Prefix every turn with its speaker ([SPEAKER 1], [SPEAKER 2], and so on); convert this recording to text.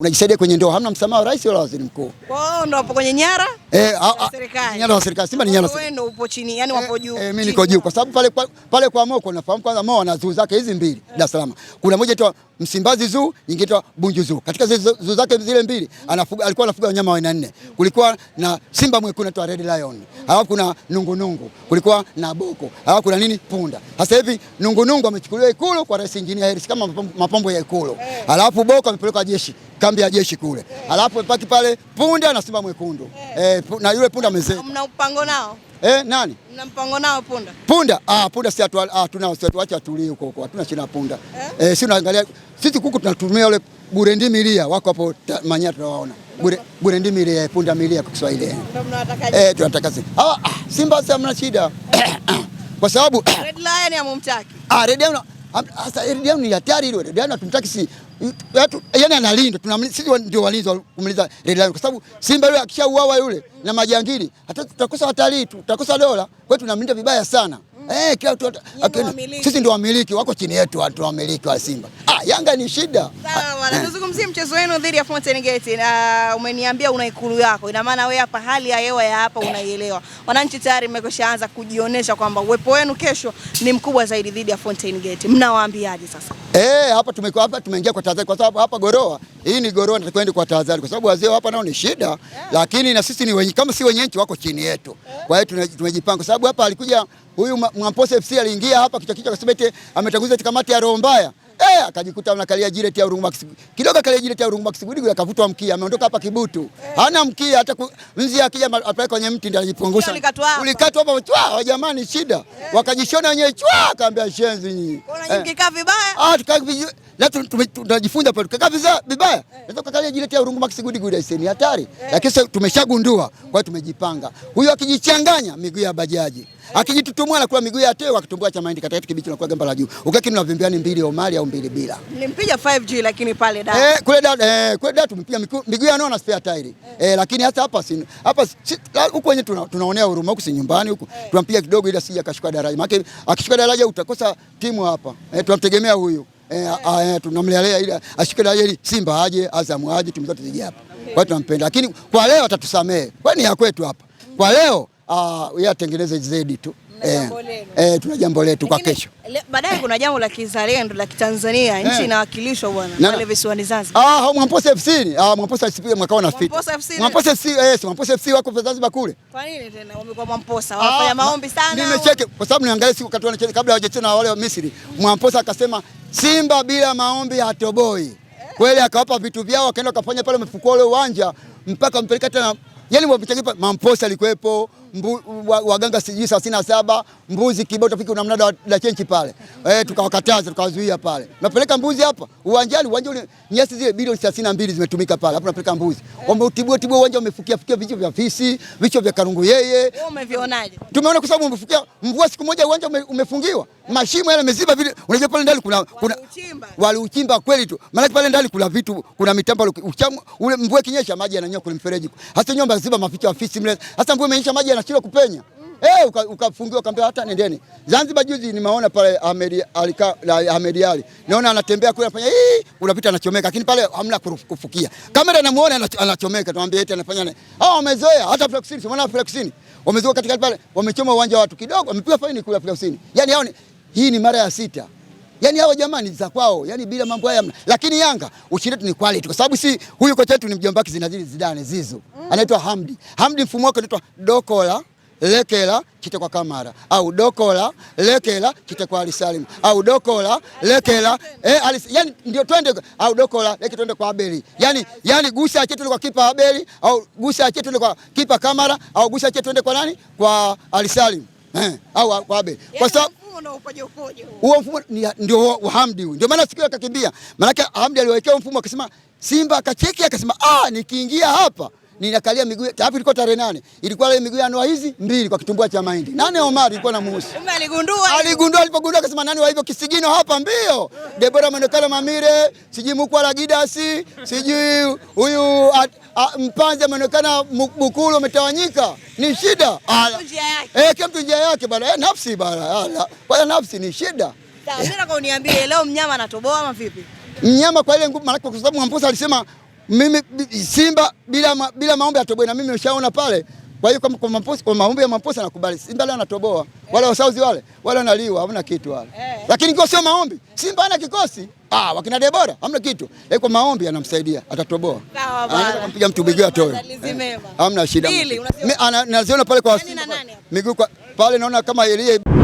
[SPEAKER 1] unajisaidia kwenye ndoa, hamna msamaha wa rais wala waziri mkuu.
[SPEAKER 2] Wao ndio wapo kwenye nyara
[SPEAKER 1] eh, a, serikali, nyara wa serikali,
[SPEAKER 2] Simba ni nyara. Wewe ndio upo chini, yani eh, wapo juu. eh,
[SPEAKER 1] eh, Mimi niko juu kwa sababu pale pale kwa Moko nafahamu kwanza, Moko ana zuu zake hizi mbili eh. Dar es Salaam. Kuna moja inaitwa Msimbazi Zoo, nyingine inaitwa Bunju Zoo. Katika zile zuu zake zile mbili mm. anafuga, alikuwa anafuga wanyama wa nne. Kulikuwa na simba mwekundu anaitwa Red Lion, mm. halafu kuna nungunungu, kulikuwa na boko, halafu kuna nini, punda. Sasa hivi nungunungu amechukuliwa Ikulu kwa Rais Injinia Hersi kama mapambo ya Ikulu, eh. Alafu boko amepelekwa jeshi kambi ya jeshi kule, yeah. alafu paki pale punda na simba mwekundu yeah. eh, eh na yule punda mzee.
[SPEAKER 2] Mna mpango nao eh? Nani mna mpango nao? Punda
[SPEAKER 1] punda, ah, punda si atu, ah, tuna si atuache atulie huko huko, hatuna shida punda Yeah. eh. Si unaangalia sisi kuku tunatumia yule burendi milia wako hapo manya, tunawaona bure burendi milia, punda milia kwa Kiswahili
[SPEAKER 2] ndio mnawatakaje?
[SPEAKER 1] eh, tunataka sisi. ah, ah, simba si amna shida kwa sababu
[SPEAKER 2] red lion hamumtaki
[SPEAKER 1] ah, red lion hasa ah, red lion ni hatari ile red lion hatumtaki sisi yani yaani analindwa, sisi ndio walinzi kumliza kumlinda reli langu, kwa sababu simba yule akishauawa yule na majangili, hata tutakosa watalii, tutakosa dola. Kwa hiyo tunamlinda vibaya sana. Mm. Eh, kila mtu sisi ndio wamiliki wako chini yetu, watu wamiliki wa simba ah. Yanga ni shida.
[SPEAKER 2] Sawa, na ah, eh. tuzungumzie mchezo wenu dhidi ya Fountain Gate na ah, umeniambia una ikulu yako. Ina maana wewe hapa hali ya hewa ya hapa unaielewa. Wananchi tayari mmekwishaanza kujionyesha kwamba uwepo wenu kesho ni mkubwa zaidi dhidi ya Fountain Gate. Mnawaambiaje sasa?
[SPEAKER 1] Eh, hapa tumekuwa hapa tumeingia kwa tahadhari kwa sababu hapa Goroa, hii ni Goroa na kwenda kwa tahadhari kwa sababu wazee hapa nao ni shida yeah. Lakini na sisi ni wenye kama si wenye nchi wako chini yetu. Yeah. Kwa hiyo tumejipanga kwa sababu hapa alikuja huyu Mwampose FC aliingia hapa kichwa kichwa kasema eti ametanguliza kamati ya roho mbaya eh, akajikuta anakalia jile ya Urungu kidogo, akalia jile ya Urungu Max, akavutwa mkia, ameondoka hapa Kibutu, eh. hana mkia hata mzee akija apeleka kwenye mti ndio anajipungusha. Ulikatwa hapa chwa, jamani, shida eh. wakajishona wenyewe chwa, akaambia shenzi nyinyi,
[SPEAKER 2] eh. mkikaa vibaya
[SPEAKER 1] ah, tukaa vibaya na tunajifunza pale, tukakaa vibaya ndio kakalia jile ya Urungu Max, gudi gudi, ni hatari, lakini sasa tumeshagundua kwa tumejipanga, huyo akijichanganya miguu ya bajaji akijitutumua anakula miguu ya teo, akitumbua cha mahindi katikati kibichi, anakula gamba la juu, ukaki na vimbiani mbili Omari au mbili bila.
[SPEAKER 2] Nilimpiga 5G lakini pale
[SPEAKER 1] da eh, kule da eh, kule da tumpiga miguu ya nao na spare tire eh, lakini hata hapa si hapa huko wenyewe tuna, tunaonea huruma huko, si nyumbani huko eh, tunampiga kidogo, ila sija akashuka daraja, maana akishuka daraja utakosa timu hapa eh, tunamtegemea huyu eh, eh, ah, eh tunamlelea ila ashike daraja ili Simba aje Azam aje timu zote zije hapa, eh. kwa tunampenda, lakini kwa leo atatusamehe. kwani ya kwetu hapa kwa leo Ah, uh, yeye atengeneze zedi tu. Eh, eh, tuna jambo letu kwa kesho.
[SPEAKER 2] Baadaye kuna jambo la kizalendo la kitanzania eh. nchi inawakilishwa bwana pale visiwani Zanzibar.
[SPEAKER 1] Ah, Mwamposa FC. ni? Ah, Mwamposa FC pia mwakao na fit. Mwamposa FC, eh, Mwamposa FC wako kwa Zanzibar kule.
[SPEAKER 2] Kwa nini tena wamekuwa Mwamposa? Ah, Wanafanya maombi sana.
[SPEAKER 1] Nimecheke kwa sababu niangalia siku wakati wanacheza kabla hawajacheza na wale wa Misri. Mwamposa akasema Simba bila maombi hatoboi. Eh. Kweli akawapa vitu vyao akaenda wakafanya pale mfukuo ule uwanja mpaka mpeleka tena. Yaani Mwamposa alikuwepo mbu, waganga sijui thelathini na saba mbuzi kibao, utafika una mnada wa chenchi pale eh, tukawakataza tukawazuia pale. Napeleka mbuzi hapa uwanjani, uwanja nyasi zile bilioni thelathini na mbili zimetumika pale, hapo napeleka mbuzi eh. wameutibua tibua uwanja, umefukia fukia vichwa vya fisi, vichwa vya karungu yeye.
[SPEAKER 2] Umevionaje?
[SPEAKER 1] Tumeona kwa sababu umefukia mvua, siku moja uwanja umefungiwa mashimo yale yameziba vile. Unajua pale ndani kuna kuna waliuchimba kweli tu, maana pale ndani kuna vitu, kuna mitambo ule, mvua kinyesha maji yananyoka kule mfereji, hasa nyumba ziba maficho fisi mle, hasa mvua imenyesha maji anashindwa kupenya Eh, ukafungiwa uka kambi hata nendeni. Zanzibar juzi nimeona pale Ahmed Alika Ahmed Ali. Naona anatembea kule anafanya hii, unapita anachomeka lakini pale hamna kufukia. Kamera inamuona anachomeka, tunamwambia eti anafanya. nini? Ah, wamezoea hata Afrika Kusini, maana Afrika Kusini. Wamezoea katika pale, wamechoma uwanja wa watu kidogo, wamepiga faini kule Afrika Kusini. Yaani hao hii ni mara ya sita. Yaani hao jamani za kwao, yaani bila mambo haya. Lakini Yanga ushindi wetu ni quality kwa sababu si huyu kocha wetu ni mjomba wake Zinedine Zidane Zizo. Mm. Anaitwa Hamdi. Hamdi mfumo wake unaitwa Dokola Lekela Kite kwa Kamara au Dokola Lekela Kitekwa Ali Salim au Dokola Lekela eh, Ali yani ndio twende au Dokola Leke twende kwa Abeli. Yaani yani gusa chetu kwa kipa Abeli au gusa chetu kwa kipa Kamara au gusa chetu twende kwa nani? Kwa Ali Salim. Eh, au kwa Abeli.
[SPEAKER 2] Kwa yaani sababu mfumo upoje upoje
[SPEAKER 1] huo mfumo ndio Hamdi huyo. Ndio maana siku akakimbia. Maana Hamdi aliwaekea mfumo akasema Simba akacheki akasema, ah, nikiingia hapa ninakalia miguu tayari, ilikuwa tarehe nane, ilikuwa ile miguu ya Noah hizi mbili kwa kitumbua cha mahindi. nane. Omari ilikuwa na muhusi,
[SPEAKER 2] Omari aligundua.
[SPEAKER 1] Aligundua, alipogundua akasema nani wa hivyo kisigino hapa mbio. Debora Mandekala Mamire, sijui mkuu wa Lagidasi, sijui huyu mpanzi ameonekana Bukulu umetawanyika. Ni shida. Eh, kila mtu njia yake bana. Eh, nafsi bana. Kwa nafsi ni shida.
[SPEAKER 2] Sasa, mimi uniambie leo mnyama anatoboa ama vipi?
[SPEAKER 1] Mnyama kwa ile nguvu maana kwa sababu Mwamposa alisema mimi Simba bila, bila maombi atoboe, na mimi nimeshaona pale. Kwa hiyo kwa maposa, kwa maombi ya maposa nakubali. Simba leo anatoboa wale wasauzi wale wale wanaliwa hamna kitu wale eh. Lakini kwa sio maombi Simba ana kikosi ah, wakina Debora hamna kitu, lakini kwa maombi anamsaidia atatoboa,
[SPEAKER 2] ah, anaweza
[SPEAKER 1] mtu miguu atoe, eh, hamna shida. Mimi naziona pale kwa yaani miguu pale naona kama ile